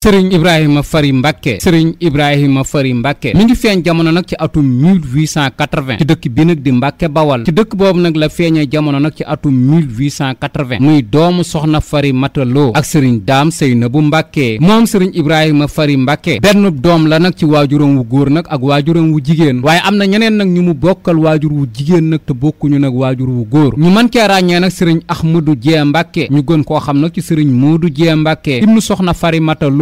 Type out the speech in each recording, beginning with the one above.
sëriñ ibrahima fari mbàkke sëriñ ibrahima fari mbàkke mi ngi feeñ jamono nag ci atum 1880 ci dëkk bi nag di mbàkke bawal ci dëkk boobu nag la feeñee jamono nag ci atum 1880 muy doomu soxna fari mataloo ak sëriñ daam seynabu mbàkke moom sëriñ ibrahima fari mbàkke benn doom la nag ci waajuram wu góor nag ak waajuram wu jigéen waaye am na ñeneen nag ñu mu bokkal waajur wu jigéen nag te bokkuñu nag waajur wu góor ñu mën kee ràññee nag sëriñ ahmadu jee mbàkke ñu gën koo xam nag ci sëriñ moodu jee mbàkke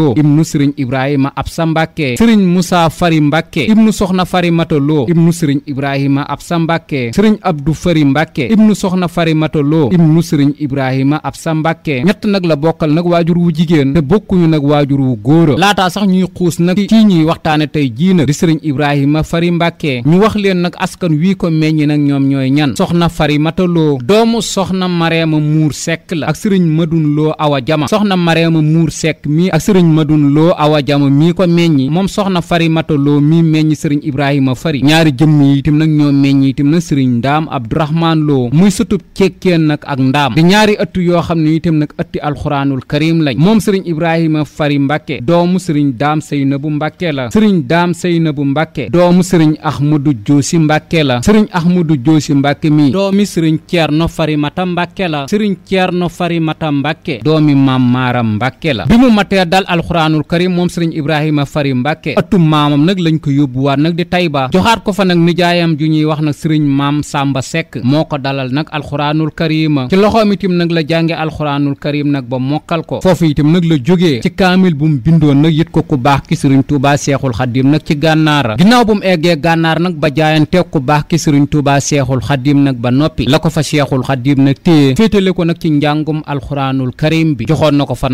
Lo ibnu sëriñ Ibrahima Absa Mbàkke sëriñ Moussa Fari Mbàkke ibnu soxna Fari Mata Lo ibnu sëriñ Ibrahima Absa Mbàkke sëriñ Abdou Fari Mbàkke ibnu soxna Fari Mata Lo ibnu sëriñ Ibrahima Absa Mbàkke ñett nag la bokkal nag waajur wu jigéen te bokkuñu nag waajur wu góor laataa sax ñuy xuus nag kii ñuy waxtaane tey jii nag di sëriñ Ibrahima Fari Mbàkke ñu wax leen nag askan wii ko meññi nag ñoom ñooy ñan soxna Fari Mata Lo doomu soxna Mareema Muur Sekk la ak sëriñ Madun Lo Awa Jama soxna Mareema Muur Sekk mi ak sëriñ ma Lo Awa Jama mii ko meññi moom soxna Farimata Lo mii meññi sëriñ Ibrahima Fari ñaari jëmm yi itam nag ñoo meññi itam nag sëriñ Ndaam Abdourahman Lo muy sëtub cekkeen nag ak ndaam di ñaari ëtt yoo xam ne itam nag ëtt alxuraanul karim lañ moom sëriñ Ibrahima Fari Mbàkke doomu sëriñ Daam Seynabu Mbàkke la sëriñ Daam Seynabu Mbàkke doomu sëriñ Ahmadu Joosi Mbàkke la sëriñ Ahmadu Joosi Mbàkke mi doomi sëriñ Ceerno Farimata Mbàkke la sëriñ Ceerno Farimata Mbàkke doomi Maam Maaram Mbàkke la bi alxuraanul karim moom sëriñ ibrahima fari mbàkke atum maamam nag lañ ko yóbbuwaat nag di Tayba joxaat ko fa nag nijaayam ju ñuy wax nag sëriñ maam sàmba sekk moo ko dalal nag alxuraanul karima ci loxoom itam nag la jànge alxuraanul karim nag ba mokkal ko foofu itam nag la jógee ci kaamil bu mu bindoon nag yit ko ku baax ki sëriñ Touba seexul xaddim nag ci gànnaara ginnaaw bu mu eggee gànnaar nag ba jaayante ku baax ki sëriñ Touba seexul xaddim nag ba noppi la ko fa seexul xaddim nag téye féetale ko nag ci njàngum alxuraanul karim bi joxoon na ko fa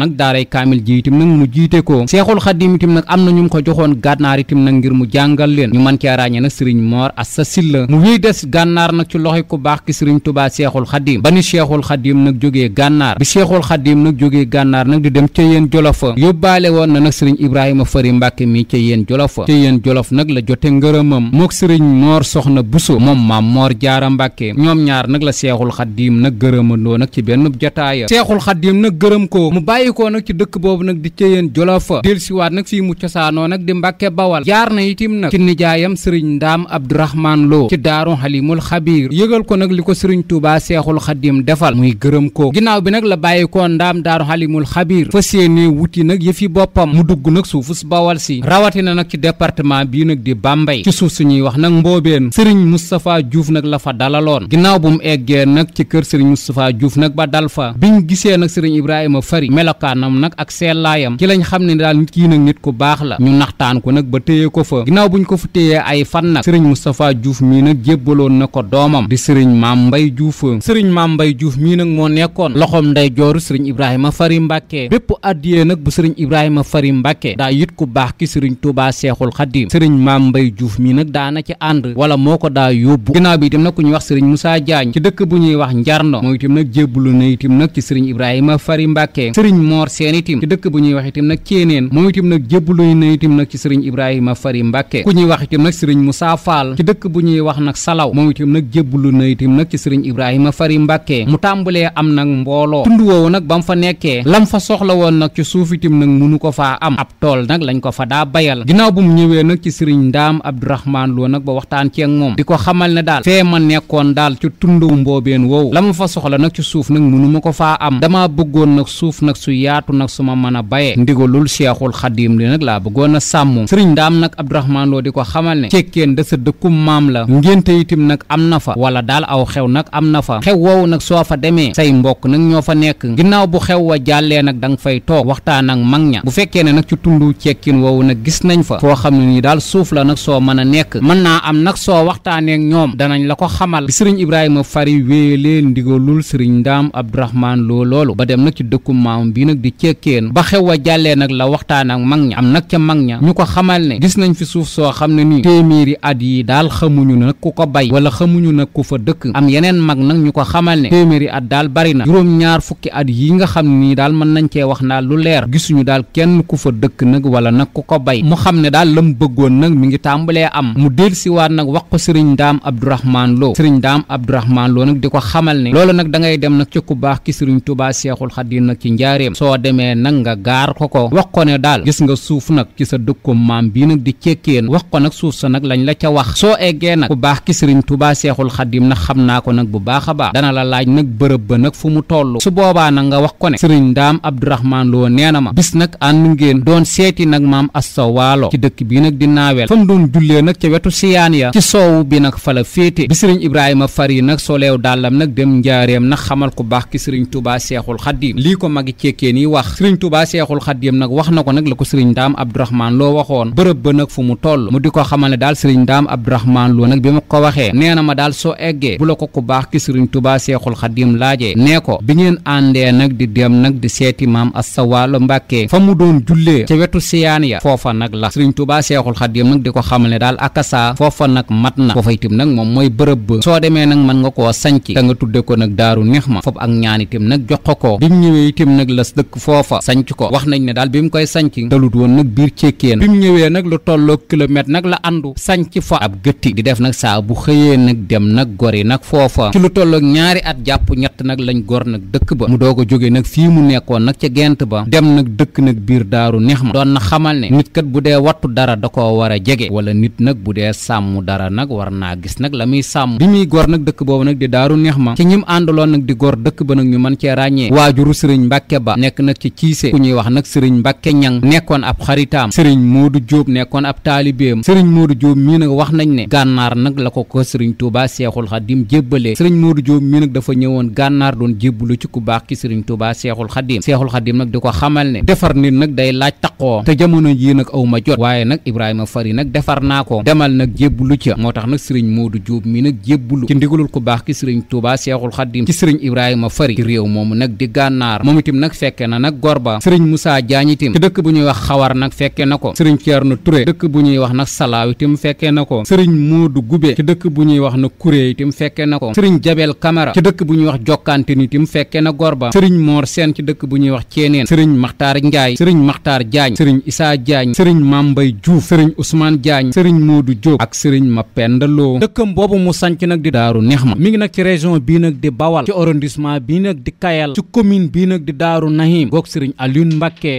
jiite ko seexul xaddim itam nag am na ñu mu ko joxoon gànnaar itam nag ngir mu jàngal leen ñu mën cee ràññee nag sëriñ moor Asta Sylla mu wéy des gànnaar nag ci loxo ku baax ki sëriñ tubaa seexul xaddim ba ni seexul xaddim nag jógee gànnaar bi seexul xaddim nag jógee gànnaar nag di dem ca yéen jolof yóbbaale woon na nag sëriñ ibrahima fari mbàkke mi ca yéen jolof ca yéen jolof nag la jote ngërëmam mook sëriñ moor soxna buso moom maam moor jaara mbàkke ñoom ñaar nag la seexul xaddim nag gërëmandoo nag ci benn jotaaya seexul Jolof dellusiwaat nag fii mu cosaanoo nag di Mbàkke Bawal jaar na itim nag ci nijaayam sëriñ Ndaam Abdourahman Lo ci daaru Xalimul Xabiir yëgal ko nag li ko sëriñ Touba Seexul Xadim defal muy gërëm ko ginnaaw bi nag la bàyyi ko Ndaam daaru Xalimul Xabiir fas yéenee wuti nag yëfi boppam mu dugg nag suufus Bawal si rawatina nag ci département bii nag di Bambey ci suuf suñuy wax nag mboobeen sëriñ Moustapha Diouf nag la fa dalaloon ginnaaw bu mu eggee nag ci kër sëriñ Moustapha Diouf nag ba dal fa biñ gisee nag sëriñ Ibrahima Fari melokaanam nag ak seelaayam xam ne daal nit kii nag nit ku baax la ñu naxtaan ko nag ba téye ko fa ginnaaw buñ ko fa téyee ay fan nag sëriñ Moustapha Diouf mii nag jébbaloon na ko doomam di sëriñ Maam Mbay Diouf sëriñ Maam Mbay juuf mii nag moo nekkoon loxoom nday jooru sëriñ Ibrahima Fari Mbàkke bépp addiyee nag bu sëriñ Ibrahima Fari Mbàkke daa yit ku baax ki sëriñ Tuubaa Seexul Xadiim sëriñ Maam Mbay juuf mii nag daana ci ànd wala moo ko daa yóbbu ginnaaw bi itam nag ku wax sëriñ Moussa Diagne ci dëkk bu ñuy wax Njarno mooy itam nag nag céeneen moom itam nag jébbaluñu na itam nag ci bu ñuy wax nag Salaw moom itam nag jébbalu na itam nag ci sëriñ Ibrahima mu tàmbalee am na mbooloo tund woowu nag ba mu fa nekkee lam fa soxla woon nag ci suuf itam nag munu ko fa am ab tool nag lañ ko fa daa bayal ginnaaw bu mu ñëwee nag ci sëriñ Ndaam Abdourahman Lo nag ba waxtaan ceeg moom di ko xamal ne daal fee ma nekkoon daal ci tundu mboobeen woowu la ma fa soxla nag ci suuf nag munu ma ko faa am dama bëggoon nag suuf nag su yaatu nag su ma mën a baye ndigalul cheikhul xadim li nag laa bëggoon a sàmm sëriñ ndaam nag abdourahmaan loo di ko xamal ne cekkeen da sa dëkkum maam la ngénte itim am na fa wala daal aw xew nag am na fa xew woowu nag soo fa demee say mbokk nag ñoo fa nekk ginnaaw bu xew wa jàllee nag da fay toog waxtaan ak mag ña bu fekkee ne nag ci tundu cekkin woowu nag gis nañ fa foo xam ne nii daal suuf la nag soo mën a nekk mën naa am nag soo waxtaaneek ñoom danañ la ko xamal bi sëriñ ibrahima fari wéelee ndigalul sëriñ ndaam abdourahmaan loo loolu ba dem nag ci dëkkum maam bi nag di cekkeen ba xew wa loolee nag la waxtaan ak mag ña am nag ca mag ña ñu ko xamal ne gis nañ fi suuf soo xam ne nii téeméeri at yi daal xamuñu nag ku ko bay wala xamuñu nag ku fa dëkk am yeneen mag nag ñu ko xamal ne téeméeri at daal bari na juróom-ñaar fukki at yi nga xam ne nii daal mën nañ cee wax naa lu leer gisuñu daal kenn ku fa dëkk nak wala nag ku ko bay mu xam ne daal lam bëggoon nag mi ngi tàmbalee am mu del siwaat nag wax ko sëriñ daam abdourahman loo sëriñ daam da ngay dem nag ci ku baax ki sëriñ tubaa seexul xadim nag ko wax ko ne daal gis nga suuf nag ci sa dëkkum maam bii nag di cekkeen wax ko nag suuf sa nag lañ la ca wax soo eggee nag ku baax ki sëriñ tubaa seexul xadim nag xam naa ko nag bu baax a baax dana la laaj nag bërëb ba nag fu mu toll su boobaa nag nga wax ko ne sëriñ ndaam abdourahman loo nee na ma bis nag ànd ngeen doon seeti nag maam asta waalo ci dëkk bii nag di naawel fa mu doon jullee nag ca wetu siyaan ya ci soowu bi nag fa la féete bi sëriñ ibrahima fari nag soleew dàllam nag dem njaareem nag xamal ku baax ki sëriñ tubaa seexul yëpp nag wax na ko nag la ko sëriñ ndaam abdourahmaan loo waxoon bërëb ba nag fu mu toll mu di ko xamal ne daal sëriñ ndaam abdourahmaan loo nag bi ma ko waxee nee na ma daal soo eggee bu la ko ku baax ki sëriñ tubaa seexul xadim laajee nee ko bi ngeen àndee nag di dem nag di seeti maam asawaalo mbàkke fa mu doon jullee ca wetu siyaan ya foofa nag la sëriñ tubaa seexul xadim nag di ko xamal ne daal akasaa foofa nag mat na foofa itam nag moom mooy bërëb ba soo demee nag mën nga koo sanc da nga tudde ko nag daaru neex ma foofu ak ñaan itam nag jox ko ko bi mu ñëwee itam nag la dëkk foofa sanc ko wax nañ ne daal bi mu koy sanc talut woon nag biir cekkeen bi mu ñëwee nag lu tolloo kilomètre nag la andu sanc fa ab gëtti di def nag saa bu xëyee nag dem nag yi nag foofa ci lu tolloo ñaari at jàpp ñett nag lañ gor nag dëkk ba mu doo ko jóge nag fii mu nekkoon nag ca gent ba dem nag dëkk nag biir daaru neex ma doon na xamal ne nit kat bu dee wattu dara da ko war jege wala nit nag bu dee sàmm dara nag war naa gis nag la muy sàmm bi muy gor nag dëkk boobu nag di daaru neex ma ci àndaloon nag di gor dëkk ba nag ñu mën cee ràññee waajuru sëriñ mbàkke ba nekk nag ci ciise ku wax nag sëriñ Mbacke Ñang nekkoon ab xaritaam sëriñ Modou Diop nekkoon ab taalibeem sëriñ Modou Diop mii nag wax nañ ne gànnaar nag la ko ko sëriñ Touba Seexul Xadim jébbalee sëriñ Modou Diop mii nag dafa ñëwoon gànnaar doon jébbalu ci ku baax ki sëriñ Touba Seexul Xadim Seexul Xadim nag di ko xamal ne defar nit nag day laaj taqoo te jamono jii nag aw ma jot waaye nag Ibrahima Fari nag defar naa ko demal nag lu ca moo tax nag sëriñ Modou Diop mii nag jébbalu ci ndigalul ku baax ki sëriñ Touba Seexul Xadim ci sëriñ Ibrahima Fari ci réew moomu nag di gànnaar moom jaañ itim ci dëkk bu ñuy wax xawar nag fekkee na ko sëriñ Ceerno Ture dëkk bu ñuy wax nag salaaw itim fekkee na ko sëriñ Moodu Gube ci dëkk bu ñuy wax na kuré itim fekkee na ko sëriñ Jabel Kamara ci dëkk bu ñuy wax Jokkantin itim fekkee na Gorba sëriñ Moor Seen ci dëkk bu ñuy wax Ceeneen sëriñ Maxtaar Njaay sëriñ Maxtaar Jaañ sëriñ Isaa Jaañ sëriñ Mambay Juuf sëriñ Usmaan Jaañ sëriñ Moodu Jóob ak sëriñ Mapenda Lo dëkkam boobu mu sanc nag di Daaru Nexma mi ngi nag ci région bii nag di Bawal ci arrondissement bii nag di Kayal ci commune bii nag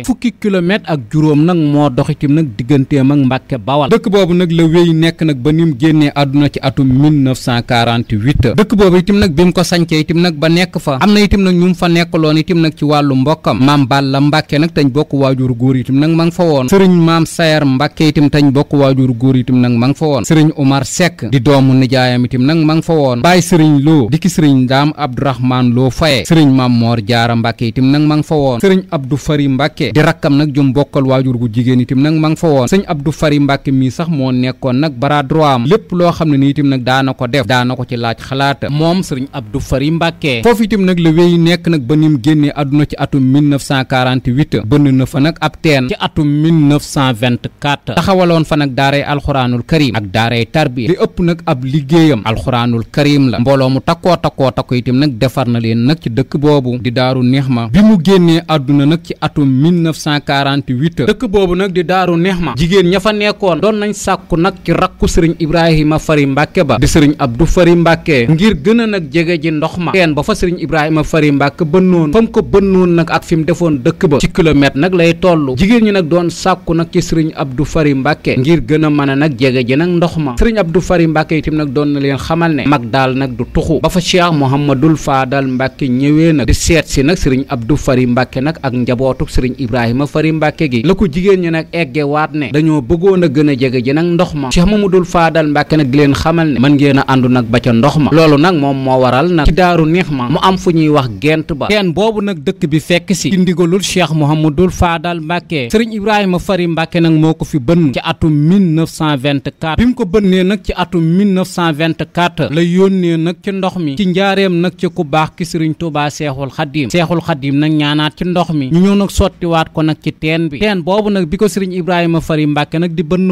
fukki kilomètre ak juróom nag moo dox itam nag digganteem ak Mbàkke Bawal dëkk boobu nag la wéy nekk nag ba ni mu génnee àdduna ci atum 1948 dëkk boobu itam nag bi ko sancee itam nag ba nekk fa am na itam nag ñu mu fa nekkaloon itam nag ci wàllu mbokkam maam Balla Mbàkke nag tañ bokk waajur góor itam nag ma nga fa woon sëriñ maam Sayar Mbàkke itam tañ bokk waajur góor itam nag ma nga fa woon sëriñ Omar Seck di doomu nijaayam itam nag ma nga fa woon bàyyi sëriñ Lo di ki sëriñ Daam Abdourahmane Lo Faye sëriñ maam Moor Jaara Mbàkke nag ma nga fa woon sëriñ Abdou Fari Mbàkke di rakkam nag jum bokkal waajur gu jigéen itam nag ma nga fa woon sëñ Abdou Fari Mbàkke mii sax moo nekkoon nag bara droit am lépp loo xam ne ni itam nag daana ko def daana ko ci laaj xalaata moom sëriñ Abdou Fari Mbàkke foofu itam nag la wéy nekk nag ba nim génnee àdduna ci atum 1948 bënn na fa nag ab teen ci atum 1924 taxawaloon fa nag daaray alxuraanul karim ak daaray tarbiya li ëpp nag ab liggéeyam alxuraanul karim la mbooloo mu takkoo takkoo takko itam nag defar na leen nag ci dëkk boobu di daaru neex ma bi mu 1948 dëkk boobu nag di daaru Nexma jigéen ña fa nekkoon doon nañ sàkku nag ci rakku sëriñ Ibrahima Fari Mbàkke ba di sëriñ Abdou Fari Mbàkke ngir gën a nag jege ji ndox ma teen ba fa sëriñ Ibrahima Fari Mbàkke bënnoon fa mu ko bënnoon nag ak fi mu defoon dëkk ba ci kilomètre nag lay toll jigéen ñi nag doon sàkku nag ci sëriñ Abdou Fari Mbàkke ngir gën a mën a nag jege ji nag ndox ma sëriñ du Fari Mbàkke itam nag doon na leen xamal ne mag daal nag du tuxu ba fa Cheikh Mouhamadul Faadal Mbàkke ñëwee nag di seet si nag sëriñ Abdou Fari Mbàkke Ibrahima Fari Mbàkke gi la ko jigéen ñi nag egge waat ne dañoo bëggoon a gën a jege ji nag ndox ma Cheikh Mamadul Faadal Mbàkke nag di leen xamal ne mën ngeen a nag ba ca ndox ma loolu nag moom moo waral nag ci daaru ma mu am ñuy wax gent ba teen boobu nag dëkk bi fekk si ci ndigalul Cheikh Mouhamadul Faadal Mbàkke sëriñ Ibrahima Fari Mbàkke nag moo ko fi bënn ci atum 1924 bi mu ko bënnee nag ci atum 1924 la yónnee nag ci ndox mi ci njaareem nag ci ku baax ki sëriñ Tuubaa Seexul Xadiim Seexul Xadiim nag ñaanaat ci ndox mi ñu ñëw nag sotti sànniwaat ko nag ci teen bi teen boobu nag bi ko sëriñ Ibrahima Fari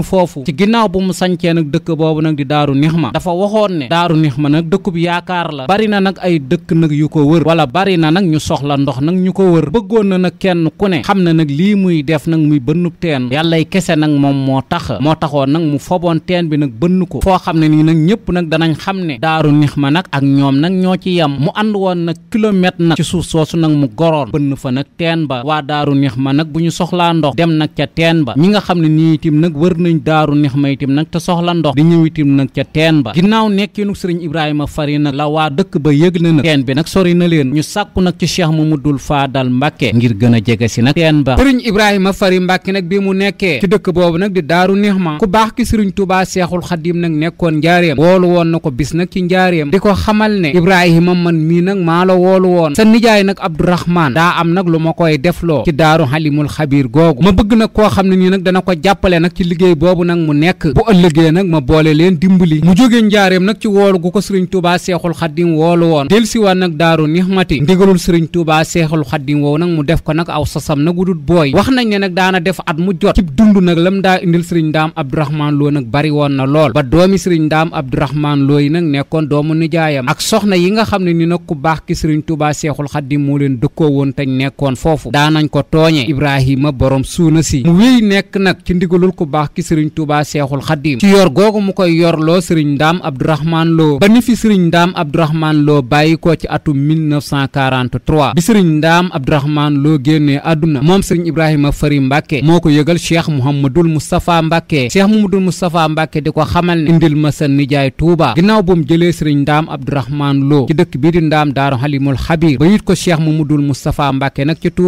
foofu ci ginnaaw bu mu sancee nag dëkk boobu nag di daaru nixma dafa waxoon ne daaru nixma nag dëkk bi yaakaar la bari na nag ay dëkk nag yu ko wër wala bari na nag ñu soxla ndox nag ñu ko wër bëggoon na nag kenn ku ne xam na nag lii muy def nag muy bënnub teen yàllay kese nag moom moo tax moo taxoon nag mu foboon teen bi nag bënn ko foo xam ne nii nag ñëpp nag danañ xam ne daaru ma nag ak ñoom nag ñoo ci yem mu ànd woon nag kilomet nag ci suuf soosu nag mu goroon bënn fa nag teen ba waa daaru nix neex ma nag bu ñu soxlaa ndox dem nag ca teen ba ñi nga xam ne nii itam nag wër nañ daaru neex ma itam nag te soxla ndox di ñëw itam nag ca teen ba ginnaaw nekkinu sëriñ Ibrahima Fari nag la waa dëkk ba yëg na nag teen bi nag sori na leen ñu sàkku nag ci Cheikh Mamadul Faadal Mbàkke ngir gën a jege si nag teen ba sëriñ Ibrahima Fari Mbàkke nag bi mu nekkee ci dëkk boobu nag di daaru neex ma ku baax ki sëriñ Tubaa Seexul Xadim nag nekkoon njaareem woolu woon na ko bis nag ci njaareem di ko xamal ne Ibrahima man mii nag maa la woolu woon sa nijaay nag Abdourahman daa am nag lu ma daaru xalimul xabiir googu ma bëgg nag koo xam ne nii nag dana ko jàppale nag ci liggéey boobu nag mu nekk bu ëllëgee nag ma boole leen dimbali mu jógee njaareem nag ci woolu gu ko sëriñ Touba Seexul Xaddim woolu woon del siwaat nag daaru nixmati ndigalul sëriñ Touba Seexul Xaddim woowu nag mu def ko nag aw sasam nag wudut booy wax nañ ne nag daana def at mu jot ci dund nag lam daa indil sëriñ Ndaam Abdourahmane Lo nag na lool ba doomi sëriñ Ndaam Abdourahmane Lo yi nekkoon doomu nijaayam ak soxna yi nga xam ne ni nag ku baax ki sëriñ Touba Seexul Xaddim moo leen dëkkoo woon tañ nekkoon foofu poñe Ibrahima borom suuna si mu wéy nekk nag ci ndigalul ku baax ki sëriñ Touba Seexul Xadim ci yor googu mu koy yorloo sëriñ Ndaam Abdourahman Lo ba ni fi sëriñ Ndaam Abdourahman Lo bàyyi ko ci atum 1943 bi sëriñ Ndaam Abdourahman Lo génnee àdduna moom sëriñ Ibrahima Fari Mbàkke moo ko yëgal Cheikh Mouhamadul Moustapha Mbàkke Cheikh Mouhamadul Moustapha Mbàkke di ko xamal ne indil ma sa nijaay Touba ginnaaw bu mu jëlee sëriñ Ndaam Abdourahman Lo ci dëkk bii di Ndaam Daaru Halimul Xabir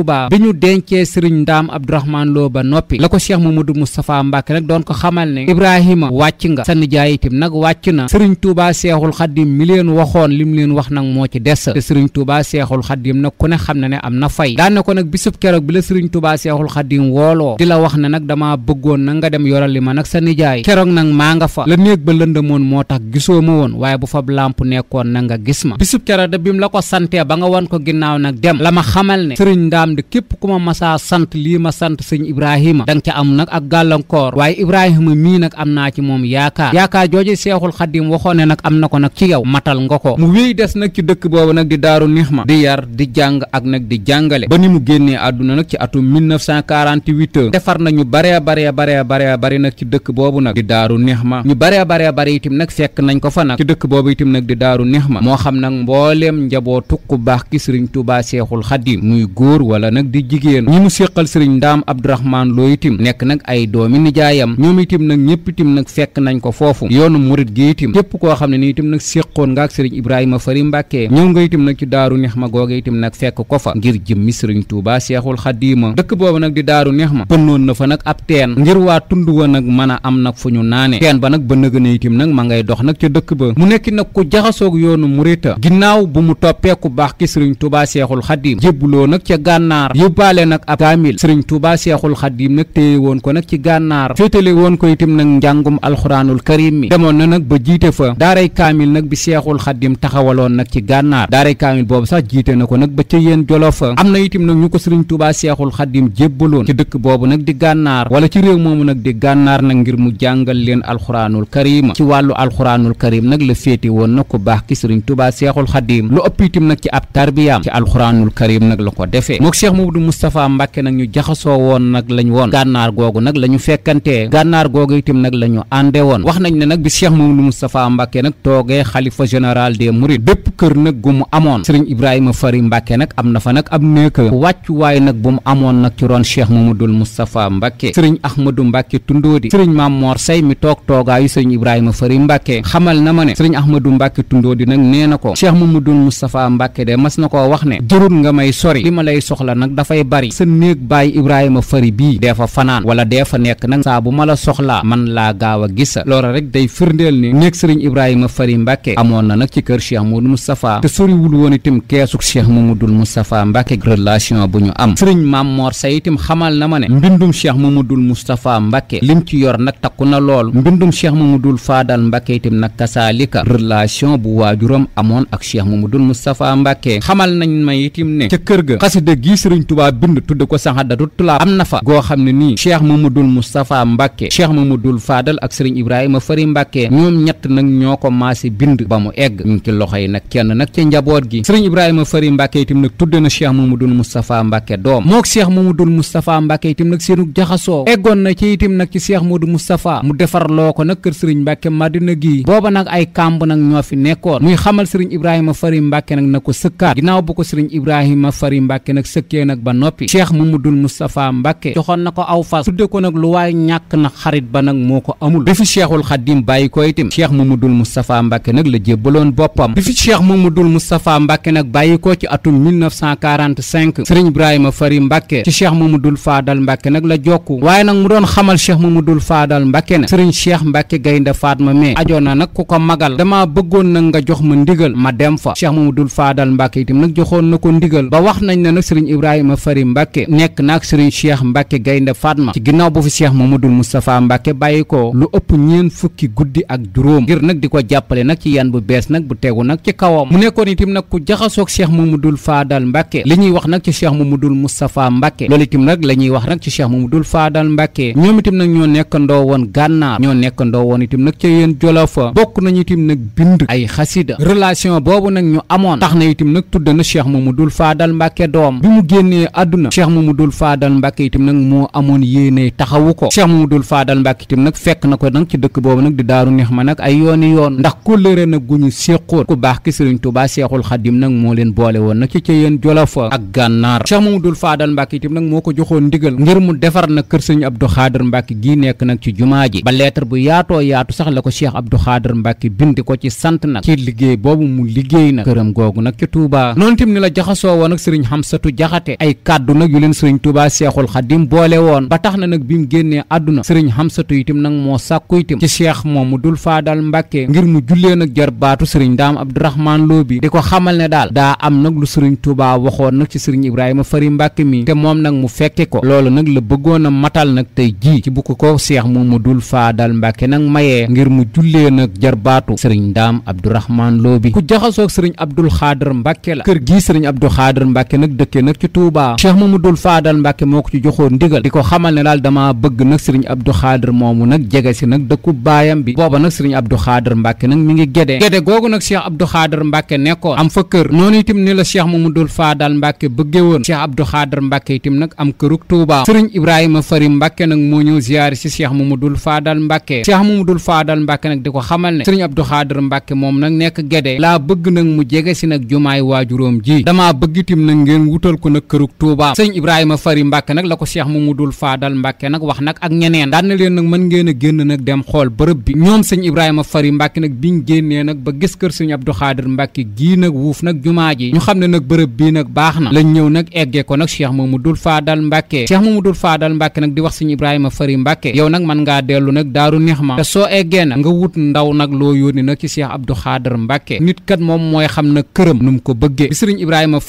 ba yit fekkee sëriñ ndaam abdourahman loo ba noppi la ko cheikh mamadou moustapha mbàkke nag doon ko xamal ne ibrahima wàcc nga sa nijaay itam nag wàcc na sëriñ tuubaa seexul xaddim mi leen waxoon lim leen wax nag moo ci des sëriñ tuubaa seexul xaddim nag ku ne xam na ne am na fay daan na ko nag bisub keroog bi la sëriñ tuubaa seexul xaddim wooloo di la wax ne nag dama bëggoon na nga dem yoral li ma nag sa nijaay keroog nag maa nga fa la néeg ba lëndamoon moo tax gisoo ma woon waaye bu fab làmp nekkoon na nga gis ma bisub keroog da bi mu la ko santee ba nga wan ko ginnaaw nag dem la masaa sant lii ma sant sëñ Ibrahima danga ca am nag ak gàllankoor waaye Ibrahima mii nag am naa ci moom yaakaar yaakaar jooju seexul xaddim waxoon nag am na ko nag ci yow matal nga ko mu wéy des nag ci dëkk boobu nag di daaru ma di yar di jàng ak nag di jàngale ba ni mu génnee àdduna nag ci atum 1948 defar na ñu baree baree baree baree bari nag ci dëkk boobu nag di daaru ma ñu baree baree bari itam nag fekk nañ ko fa nag ci dëkk boobu itam nag di daaru Nihma moo xam nag mbooleem njabootu ku baax ki sëriñ Tuubaa seexul itim ñi mu séqal sëriñ ndaam abdourahmaan loo itim nekk nag ay doomi nijaayam ñoom itim nag ñëpp itim nag fekk nañ ko foofu yoonu murit gi itim képp koo xam ne ni itim nag séqoon nga ak sëriñ ibrahima fari mbàkke ñëw nga itim nag ci daaru neex ma googe itim nag fekk ko fa ngir jëmmi sëriñ tuuba seexul xadiima dëkk boobu nag di daaru neex ma pënnoon na fa nag ab teen ngir waa tund woon nag mën a am nag fu ñu naane teen ba nag ba nëg na itim nag ma ngay dox nag ca dëkk ba mu nekk nag ku jaxasoog yoonu murita ginnaaw bu mu toppeeku baax ki sëriñ tuuba seexul xadiim jébbuloo nag ab kaamil sëriñ Tuuba Seexul Xadiim nag téye woon ko nag ci gànnaar féetale woon ko itam nag njàngum alxuraanul karim mi demoon na nag ba jiite fa daaray kaamil nag bi Seexul Xadiim taxawaloon nag ci gànnaar daaray kaamil boobu sax jiite na ko nag ba ca yéen jolof am na itam nag ñu ko sëriñ Tuuba Seexul Xadiim jébbaloon ci dëkk boobu nag di gànnaar wala ci réew moomu nag di gànnaar nag ngir mu jàngal leen alxuraanul karim ci wàllu alxuraanul karim nag la féete woon na ko baax ki sëriñ Tuuba Seexul Xadiim lu ëpp itam nag ci ab tarbiyaam ci alxuraanul karim nag la ko defee waa Mbàkke nag ñu jaxasoo woon nag lañ woon gànnaar googu nag la ñu fekkantee gànnaar googu itam nag la ñu ànde woon wax nañ ne nag bi Cheikh Mamadou Moustapha Mbàkke nag toogee xalifa général des Mourides bépp kër nag gu mu amoon sëriñ Ibrahima Fari Mbàkke nag am na fa nag ab néeg wàccuwaay nag bu mu amoon nag ci roon Cheikh Mamadou Moustapha Mbàkke sëriñ Ahmadou Mbàkke Tundóodi sëriñ Maam Mor Say mi toog toogaayu sëriñ Ibrahima Fari Mbàkke xamal na ma ne sëriñ Ahmadou Mbàkke Tundóodi nag nee na ko Cheikh Mamadou Moustapha Mbàkke de mas na koo wax ne jërul nga may sori li ma lay soxla nag dafay bari sa néeg bàyyi Ibrahima wala dee fa nekk nag saa bu ma la soxlaa man laa gaaw a gisa loola rek day firndeel ni néeg sëriñ Ibrahima Fari Mbàkke amoon na nag ci kër Cheikh Modou Moustapha te soriwul woon itam keesuk Cheikh Mamadou Moustapha Mbàkke relation bu ñu am sëriñ Maam Mor Say xamal na ma ne mbindum Cheikh Mamadou Moustapha Mbàkke lim ci yor nag takku na lool mbindum Cheikh Mamadou Faadal Mbàkke itam nag kasaalika relation bu waajuram amoon ak Cheikh Mamadou Moustapha Mbàkke xamal nañ ma itam ne ca kër ga xasida gi sëriñ Tuubaa bind tudd ko du tulaab am na fa goo xam ne nii cheikh mamadul moustapha mbàkke cheikh mamadul faadal ak sëriñ ibrahima fari mbàkke ñoom ñett nag ñoo ko maase bind ba mu egg ñu loxo yi nag kenn nag ca njaboot gi sëriñ ibrahima fari mbàkke itam nag tudd na cheikh mamadul moustapha mbàkke doom mook cheikh mamadul moustapha mbàkke itam nag seenu jaxasoo eggoon na ci itam nag ci cheikh mamadul moustapha mu defar loo ko nag kër sëriñ mbàkke madina gi booba nag ay kàmb nag ñoo fi nekkoon muy xamal sëriñ ibrahima fari mbàkke nag na ko sëkkaat ginnaaw bu ko sëriñ ibrahima fari mbàkke nag sëkkee nag ba noppi cheikh mamadul moustapha mbàkke joxoon na ko aw fas tudde ko nag lu waay ñàkk na xarit ba nag moo ko amul bi fi cheikhul xadim bàyyi ko itam cheikh mamadul moustapha mbàkke nag la jébbaloon boppam bi fi cheikh mamadul moustapha mbàkke nag bàyyi ko ci atum 1945 sëriñ ibrahima fari mbàkke ci cheikh mamadul faadal mbàkke nag la jokku waaye nag mu doon xamal cheikh mamadul faadal mbàkke ne sëriñ cheikh mbàkke gaynde faatma mee ajoon na nag ku ko magal dama bëggoon nag nga jox ma ndigal ma dem fa cheikh mamadul faadal mbàkke itam Mbacke nekk naak Serigne Cheikh Mbacke Gaynde Fatma ci ginnaaw bu fi Cheikh Mamadou Moustapha Mbacke bàyyi ko lu ëpp ñeen fukki guddi ak juróom ngir nag di ko jàppale nag ci yan bu bees nag bu tegu nag ci kawam mu nekkoon itam nag ku jaxasoog mu dul Fadal Mbacke li ñuy wax nag ci mu dul Moustapha Mbacke loolu itam nag la ñuy wax nak ci mu Cheikh Mamadou Fadal Mbacke ñoom itam nag ñoo nekkandoo woon gànnaar ñoo nekkandoo woon itam nag ca yéen jolofa bokk nañu itam nag ay xasida relation boobu nag ñu amoon tax nag tudd na Cheikh Mamadou Cheikh Mamadou Fadal Mbacke itam nag moo amoon yéene taxawu ko Cheikh Mamadou Fadal Mbacke itam nag fekk na ko nag ci dëkk boobu nag di daaru neex ma nag ay yooni yoon ndax kóllëre nag gu ñu séqoon ku baax ki Serigne Touba Cheikhul Khadim nag moo leen boole woon nag ci ca yéen Jolof ak Gànnaar Cheikh Mamadou Fadal Mbacke itam nag moo ko joxoon ndigal ngir mu defar na kër ab Abdou Khader Mbacke gii nekk nag ci jumaa ji ba lettre bu yaatoo yaatu sax la ko Cheikh Abdou Khader Mbacke bind ko ci sant nag liggéey boobu mu liggéey nag këram googu nag parcours nag yu leen sëriñ Touba Seexul Xadim boole woon ba tax na nag bi mu génnee àdduna sëriñ Xamsatu itam nag moo sàkku itam ci cheikh Mamadul Faadal Mbàkke ngir mu jullee nag jar baatu sëriñ Daam Abdourahman Lo bi di ko xamal ne daal daa am nag lu sëriñ Touba waxoon nag ci sëriñ Ibrahima Fari Mbàkke mi te moom nag mu fekke ko loolu nag la bëggoon a matal nag tey jii ci bu ko ko cheikh Mamadul Faadal Mbàkke nag mayee ngir mu jullee nag jar baatu sëriñ Daam Abdourahman Lo bi ku jaxasoog sëriñ Abdul Xaadir Mbàkke la kër gii sëriñ Abdul Xaadir Mbàkke nag dëkkee Mamadul Faadal Mbàkke moo ko ci joxoon ndigal di ko xamal ne daal dama bëgg nag sëriñ Abdou Xaadir moomu nag jege si nag dëkku baayam bi booba nag sëriñ Abdou Xaadir Mbàkke nag mi ngi gédee géde googu nag Cheikh Abdou Xaadir Mbàkke nekkoon am fa kër noonu itam ni la Cheikh Mamadul Faadal Mbàkke bëggee woon Cheikh Abdou Xaadir Mbàkke itam nag am këruk Tuubaa sëriñ Ibrahima Fari Mbàkke nag moo ñëw ziyaari si Cheikh Mamadul Faadal Mbàkke Cheikh Mamadul Faadal Mbàkke nag di ko xamal ne sëriñ Abdou Xaadir Mbàkke moom nag nekk gédee laa bëgg nag mu jege si nag jumaay waajuróom këruk Tuubaa sëñ Ibrahima Fari Mbàkke nag la ko Cheikh Mamadou Fadal Mbàkke nag wax nag ak ñeneen daan na leen nag mën ngeen a génn nag dem xool bërëb bi ñoom sëñ Ibrahima Fari Mbàkke nag biñ génnee nag ba gis kër sëñ Abdou Xaadir Mbàkke gii nag wuuf nag jumaa ji ñu xam ne nag bërëb bii nag baax na lañ ñëw nag eggee ko nag Cheikh Mamadou Fadal Mbàkke mu dul faadal Mbàkke nag di wax sëñ Ibrahima Fari Mbàkke yow nag mën ngaa dellu nag daaru Nixma te soo eggee nag nga wut ndaw nag loo yónni nag ci Cheikh Abdou Xaadir Mbàkke nit kat moom mooy xam na këram nu mu ko bëggee bi sëriñ Ibrahima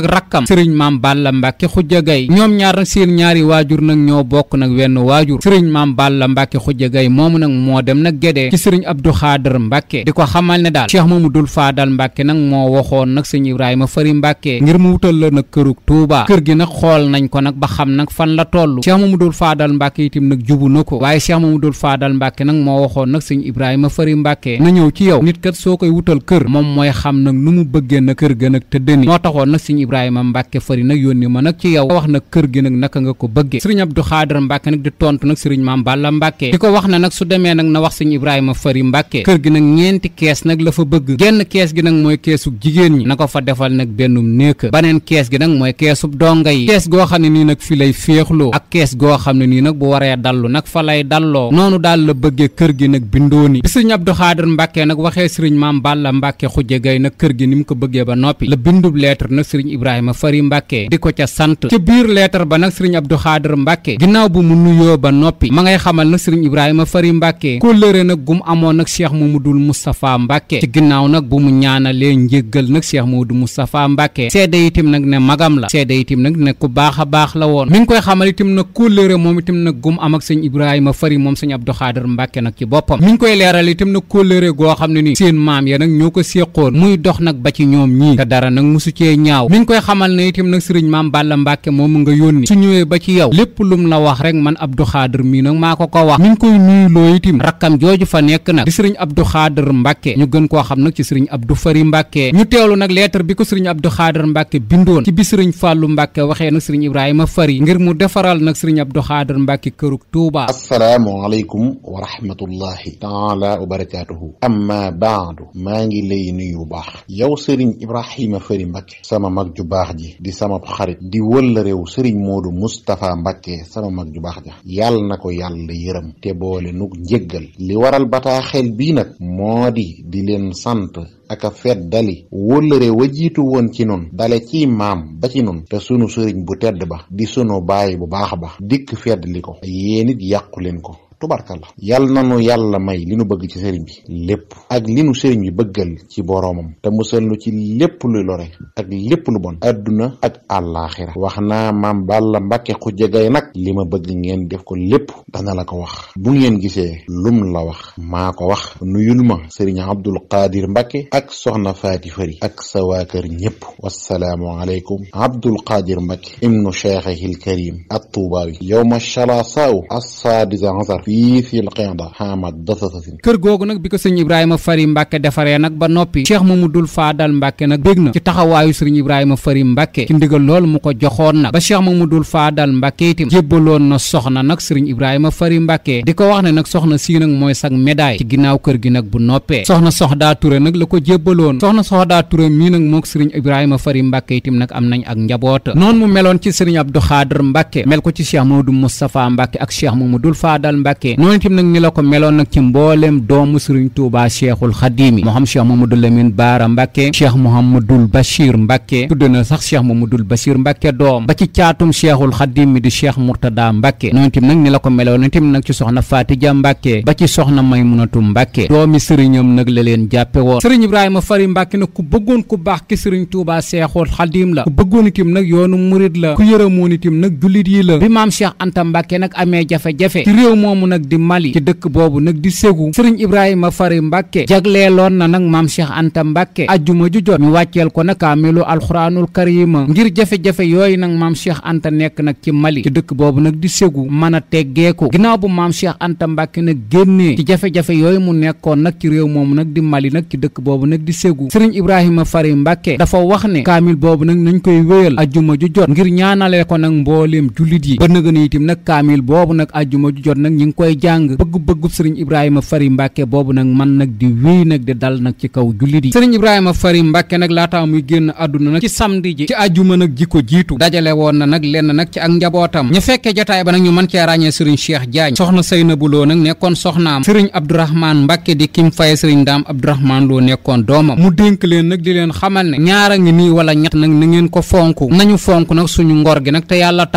nag rakkam sëriñ maam Balla Mbacke Khoudia Gaye ñoom ñaar seen ñaari waajur nag ñoo bokk nag wenn waajur sëriñ maam Balla Mbacke Khoudia Gaye moomu nag moo dem nag gédee ci sëriñ Abdou Khader Mbacke di ko xamal ne daal mu dul faadal Mbacke nag moo waxoon nag sëñ Ibrahima Fari Mbacke ngir mu wutal la nag kërug Touba kër gi nag xool nañ ko nag ba xam nag fan la toll Cheikh Mamadou Fadal Mbacke itam nag jubu ko waaye Cheikh Mamadou Fadal Mbacke nag moo waxoon nag sëñ Ibrahima Fari Mbacke na ñëw ci yow nit soo koy wutal kër moom mooy xam nag nu mu bëggee kër gën nag Ibrahima Mbacke fari nag yónni ma nag ci yow wax nag kër gi nag naka nga ko bëggee sëriñ Abdou Khadre Mbacke nag di tontu nag sëriñ Mame Balla Mbacke di ko wax na nag su demee wax sëriñ Ibrahima fari Mbacke kër gi ñeenti kees nag la fa bëgg genn kees gi nag mooy keesug jigéen ñi na ko fa defal nag bennum néeg baneen kees gi nag mooy keesug donga yi kees goo xam ne nii nag fi lay féexloo ak kees goo xam ne nii nag bu waree dallu nag fa lay dalloo noonu daal la bëggee kër gi nag bindoo ni bi sëriñ Abdou Khadre Mbacke nag waxee sëriñ Mame Balla Mbacke xujje gay nag kër gi ni mu ko bëggee ba noppi la bindub lettre nag sëriñ Ibrahima Fari Mbàkke di ko ca sant ca biir leetar ba nag sëriñ Abdou Xaadir Mbàkke ginnaaw bu mu nuyoo ba noppi ma ngay xamal nag sëriñ Ibrahima Fari Mbàkke kóllëre nag gum amoon nag Cheikh Mamadou Moustapha Mbàkke ci ginnaaw nag bu mu ñaanalee njéggal nag Cheikh Mamadou Moustapha Mbàkke seede itim nag ne magam la seede itim nag ne ku baax a baax la woon mi koy xamal itim nag kóllëre moom itim nag gum am ak sëñ Ibrahima Fari moom sëñ Abdou Xaadir Mbàkke nag ci boppam mi ngi koy leeral itam nag kóllëre goo xam ne nii seen maam ya nag ñoo ko séqoon muy dox nag ba ci ñoom ñii te dara nag musu cee ñaaw koy xamal ne itam nag sëriñ maam Balla Mbàkke moom nga yónni su ñëwee ba ci yow lépp lum la wax rek man Abdou Xaadir mii nag maa ko ko wax mi ngi koy nuyu loo itam rakkam jooju fa nekk nag di sëriñ Abdou Xaadir Mbàkke ñu gën koo xam nag ci sëriñ Abdou Fari Mbàkke ñu teewlu nag lettre bi ko sëriñ Abdou Xaadir Mbàkke bindoon ci bi sëriñ Fàllu Mbàkke waxee nag sëriñ Ibrahima Fari ngir mu defaral nag sëriñ Abdou Xaadir Mbàkke kërug Tuuba assalaamu aleykum wa rahmatullahi taala wa barakaatuhu amma baadu maa ngi lay nuyu bu baax yow sëriñ Ibrahima Fari Mbàkke sama mag ju baax ji di sama xarit di wëlla réew sëriñ Moodu Moustapha Mbacke sama mag ju baax ja yàlla na ko yàlla yërëm te boole nu njëggal li waral bataaxel bii nag moo di di leen sant ak a fet dali wóllëre wa jiitu woon ci nun dale ci maam ba ci nun te sunu sëriñ bu tedd ba di sunu baay bu baax ba dikk fedd li ko yéen it yàqu leen ko tubarkalla yal na nu yàlla may li nu bëgg ci sëriñ bi lépp ak li nu sëriñ bi bëggal ci boroomam te musal nu ci lépp lu lore ak lépp lu bon adduna ak àllaaxira wax naa maam Balla Mbàkke xu jegay nag li ma bëgg ngeen def ko lépp dana la ko wax bu ngeen gisee lum la wax maa ko wax nuyul ma sëriñ Abdul Qadir Mbàkke ak soxna Faati Fari ak sa waa kër ñépp wassalaamu aleykum Abdul Qadir Mbàkke ibnu Cheikh al Karim at Tuubaawi yowma chalaasaau assaadisa asar fii si Qinda xaamat dasasasin kër googu nag bi ko sëñ Ibrahima Fari Mbacke defaree nag ba noppi Cheikh Mamadou Fadal Mbacke nag bég na ci taxawaayu sëriñ Ibrahima Fari Mbacke ci ndigal lool mu ko joxoon nag ba Cheikh Mamadou Fadal Mbacke itam jébbaloon na soxna nag sëriñ Ibrahima Fari Mbacke di ko wax ne nag soxna sii nag mooy sag médaille ci ginnaaw kër gi nag bu noppee soxna Soxda Touré nag la ko jébbaloon soxna Soxda Touré mii nag mook sëriñ Ibrahima Fari Mbacke itam nag am nañ ak njaboota noonu mu meloon ci sëriñ Abdou Khader Mbacke mel ko ci Cheikh Mamadou Moustapha Mbacke ak Cheikh Mamadou Fadal Mbacke Mbàkke noonu itam nag ni la ko meloon nag ci mbooleem doomu Sëriñ Tuubaa Cheikhul Xadimi moo xam Cheikh Mamadou Lamine Baara Mbàkke Cheikh Mouhamadoul Bachir Mbàkke tudd na sax Cheikh Mouhamadoul Bachir Mbàkke doom ba ci caatum Cheikhul Xadim mi di Cheikh Mourtada Mbàkke noonu itam nag ni la ko meloon itam nag ci soxna Fatija Mbàkke ba ci soxna Maymunatu Mbàkke doomi sëriñam nag la leen jàppe woon Sëriñ Ibrahima Fari Mbàkke nag ku bëggoon ku baax ki Sëriñ Tuubaa Cheikhul Xadim la ku bëggoon itam nag yoonu murid la ku yërëmoon itam nag jullit yi la bi maam Cheikh Anta Mbàkke nag amee jafe-jafe ci nag di Mali ci dëkk boobu nag di Ségou sëriñ Ibrahima Fari Mbàkke jagleeloon na nag maam Cheikh Anta Mbàkke ajjuma ju jot ñu wàcceel ko nag kaamilu alxuraanul karima ngir jafe-jafe yooyu nag maam Cheikh Anta nekk nag ci Mali dëkk boobu nag di Ségou mën a teggeeku ginnaaw bu maam Cheikh Anta Mbàkke nag génnee ci jafe-jafe yooyu mu nekkoon nag ci réew moomu nag di nag ci dëkk boobu nag di Ségou sëriñ Ibrahima Fari Mbàkke dafa wax ne kaamil boobu nag nañ koy wéyal ajjuma ju jot ngir ñaanalee ko nag mbooleem jullit yi ba nëgën itam nag kaamil boobu nag ajjuma ju jot nag ngi koy jàng bëgg-bëggub sëriñ Ibrahima Fari Mbàkke boobu nag man nag di wéy nag di dal nag ci kaw jullit yi sëriñ Ibrahima Fari Mbàkke nag laataa muy génn àdduna nag ci samedi ji ci àjjuma nag ji ko jiitu dajale woon na nag lenn nag ci ak njabootam ñu fekkee jotaay ba nag ñu mën cee ràññee sëriñ Cheikh Diagne soxna Seynabou Lo nag nekkoon soxnaam sëriñ Abdourahmane Mbàkke di kim faye sëriñ Daam Abdourahmane Lo nekkoon doomam mu dénk leen nag di leen xamal ne ñaara ngi wala ñett nag na ngeen ko fonk nañu fonk nag suñu ngor gi nag te yàlla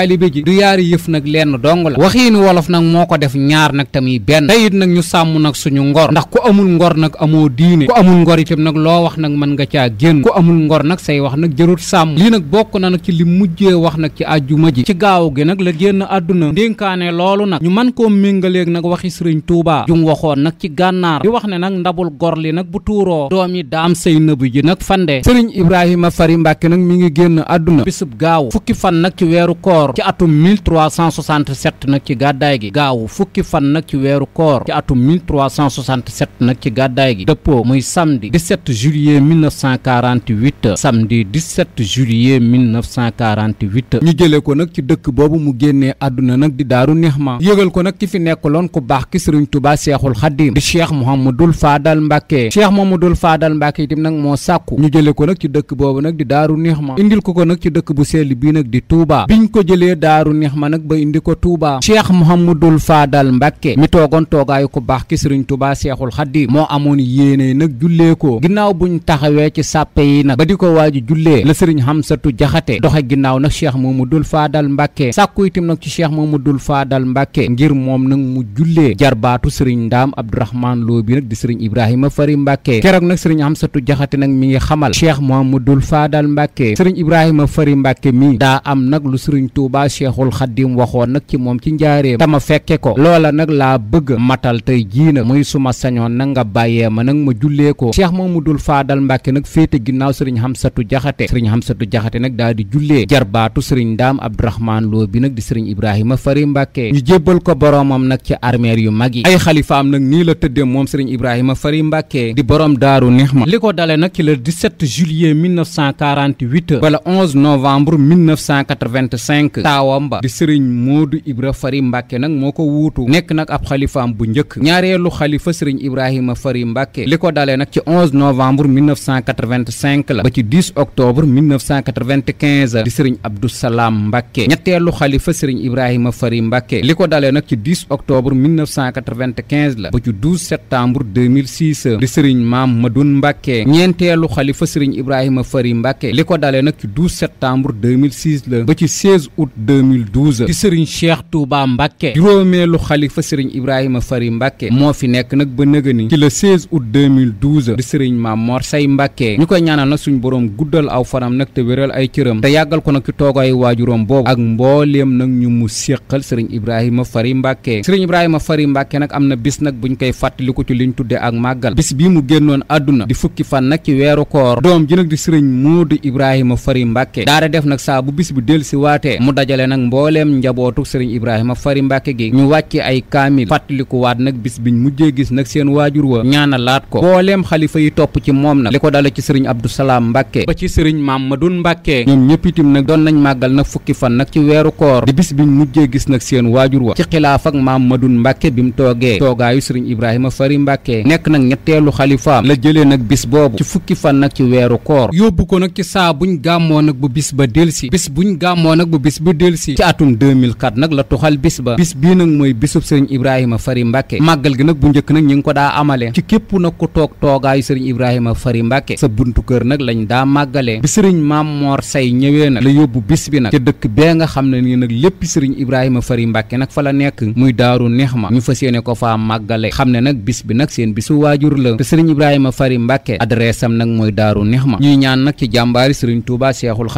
taalibe ji du yaari yëf nag lenn dong la nag moo ko def ñaar nag tamit benn te nag ñu sàmm nag suñu ngor ndax ku amul ngor nag amoo diine ku amul ngor itam nag loo wax nag mën nga caa génn ku amul ngor nag say wax nag jërut sàmm lii nag bokk na nag ci li mujje wax nag ci àjjuma ji ci gaaw gi nag la génn àdduna ndénkaane loolu nag ñu man koo méngaleeg nag waxi sëriñ Tuubaa jum waxoon nag ci gànnaar bi wax ne nag ndabul gor li nag bu tuuroo doom yi daam say nëbu ji nag fande sëriñ Ibrahima Fari Mbàkke nag mi ngi génn àdduna bisub gaaw fukki fan nag ci weeru koor koor ci atum 1367 nag ci gàddaay gi gaaw fukki fan nag ci weeru koor ci atum 1367 nag ci gàddaay gi dëppoo muy samedi 17 juillet 1948 samedi 17 juillet 1948 ñu jëlee ko nag ci dëkk boobu mu génnee àdduna nag di daaru neex ma yëgal ko nag ki fi nekk loon ku baax ki sëriñ Tuubaa Seexul Xadiim di Cheikh Mouhamadul Fadal Mbàkke Cheikh Mouhamadul Fadal Mbàkke itam nag moo sàkku ñu jëlee ko nag ci dëkk boobu nag di daaru neex Nihma indil ko ko nag ci dëkk bu sell bii nag di Tuubaa jëlee daaru neex ma nag ba indi ko Touba Cheikh Mouhamadul Fadal Mbacke mi toogoon toogaayu ku baax ki Serigne Touba Cheikhul Khadim moo amoon yéene nag jullee ko ginnaaw bu ñu taxawee ci sàppe yi nag ba di ko waaju jullee la Serigne Hamsatu Jaxate doxe ginnaaw nag Cheikh Mouhamadul Fadal Mbacke sàkku itam nag ci Cheikh Mouhamadul Fadal Mbacke ngir moom nag mu jullee jarbaatu Serigne Ndaam Abdourahman Lo bi nag di Serigne Ibrahima Fari Mbacke keroog nag Serigne Hamsatu Jaxate nag mi ngi xamal Cheikh Mouhamadul Fadal Mbacke Serigne Ibrahima Fari Mbacke mi daa am nag lu Serigne Touba Touba Cheikhul Khadim waxoon nag ci moom ci njaareem tama fekke ko loola nag laa bëgg matal tey jii nag muy suma sañoon nag nga bàyyee ma nag ma jullee ko Cheikh Mamadul Faadal Mbàkke nag féete ginnaaw sëriñ Hamsatu Jaxate sëriñ Hamsatu Jaxate nag daal jullee jarbaatu sëriñ Ndaam Abdourahman Lo bi nag di sëriñ Ibrahima Fari Mbàkke ñu jébbal ko boroomam nag ci armeer yu mag yi ay xalifaam nag nii la tëddee moom sëriñ Ibrahima Fari Mbàkke di borom njëkk taawam ba di sëriñ Moodu Ibra Fari Mbàkke nag moo ko wuutu nekk nag ab xalifaam bu njëkk ñaareelu xalifa sëriñ Ibrahima Fari Mbàkke li ko dalee nag ci 11 novembre 1985 la ba ci 10 octobre 1995 di sëriñ Abdou Salam Mbàkke ñetteelu xalifa sëriñ Ibrahima Fari Mbàkke li ko dalee nag ci 10 octobre 1995 la ba ci 12 septembre 2006 di sëriñ Maam Madoun Mbàkke ñeenteelu xalifa sëriñ Ibrahima Fari Mbàkke li ko dalee nag ci 12 septembre 2006 la ba ci 16 août août 2012 di sëriñ Cheikh Touba Mbacke lu xalifa sëriñ Ibrahima Fari Mbacke moo fi nekk nag ba nëgëni ci le 16 août 2012 di sëriñ Maam Mor Say Mbacke ñu koy ñaanal na suñu boroom guddal aw fanam nag te wéral ay cëram te yàggal ko nag ci toogaayu waajuram boobu ak mbooleem nag ñu mu séqal sëriñ Ibrahima Fari Mbacke sëriñ Ibrahima Fari Mbacke nag am na bis nag bu ñu koy fàttaliku ci liñ tudde ak màggal bis bi mu génnoon àdduna di fukki fan nag ci weeru koor doom ji sëriñ Moodu Ibrahima Fari Mbacke daara def nag saa bu dajale nag mbooleem njabootu sëriñ Ibrahima Fari Mbàkke gi ñu wàcc ay kaamil fàttalikuwaat nag bis biñ mujjee gis nag seen waajur wa ñaanalaat ko mbooleem xalifa yi topp ci moom nag li ko dale ci sëriñ Abdou Salaam Mbàkke ba ci sëriñ Mamadou Mbàkke ñoom ñëpp itam nag doon nañ màggal nag fukki fan nag ci weeru koor di bis biñ mujjee gis nag seen waajur wa ci xilaaf ak Mamadou Mbàkke bi mu toogee toogaayu sëriñ Ibrahima Fari Mbàkke nekk nag ñetteelu xalifaam la jëlee nag bis boobu ci fukki fan nag ci weeru koor yóbbu ko ci saa buñ gàmmoo nag bu bis ba delsi bis du dellusi ci atum 2004 nag la tuxal bis ba bis bii nag mooy bisub sëriñ Ibrahima Fari Mbàkke màggal gi nag bu njëkk nag ñi ngi ko daa amale ci képp na ko toog toogaayu sëriñ Ibrahima Fari Mbàkke sa buntu kër nag lañ daa màggalee bi sëriñ Maam Moor Say ñëwee nag la yóbbu bis bi nag ca dëkk bee nga xam ne nii nag lépp sëriñ Ibrahima Fari Mbàkke nag fa la nekk muy daaru neex ma ñu fa yéene ko fa màggale xam ne nag bis bi nag seen bisu waajur la te sëriñ Ibrahima Fari Mbàkke adresse am nag mooy daaru neex ma ñuy ñaan nag ci jàmbaari sëriñ Tuubaa Seexul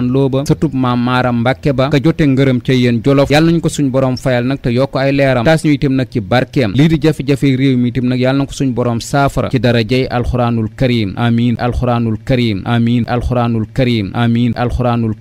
Ousmane Looba satub maam Maaram Mbàkke ba ka jote ngërëm ca yéen Jolof yàlla nañ ko suñ borom fayal nag te yokk ay leeram taas ñu itam nag ci barkeem lii di jafe-jafe réew mi itam nag yàlla na ko suñ borom saafara ci darajey alxuraanul karim amin alxuraanul karim amin alxuraanul karim amin alxuraanul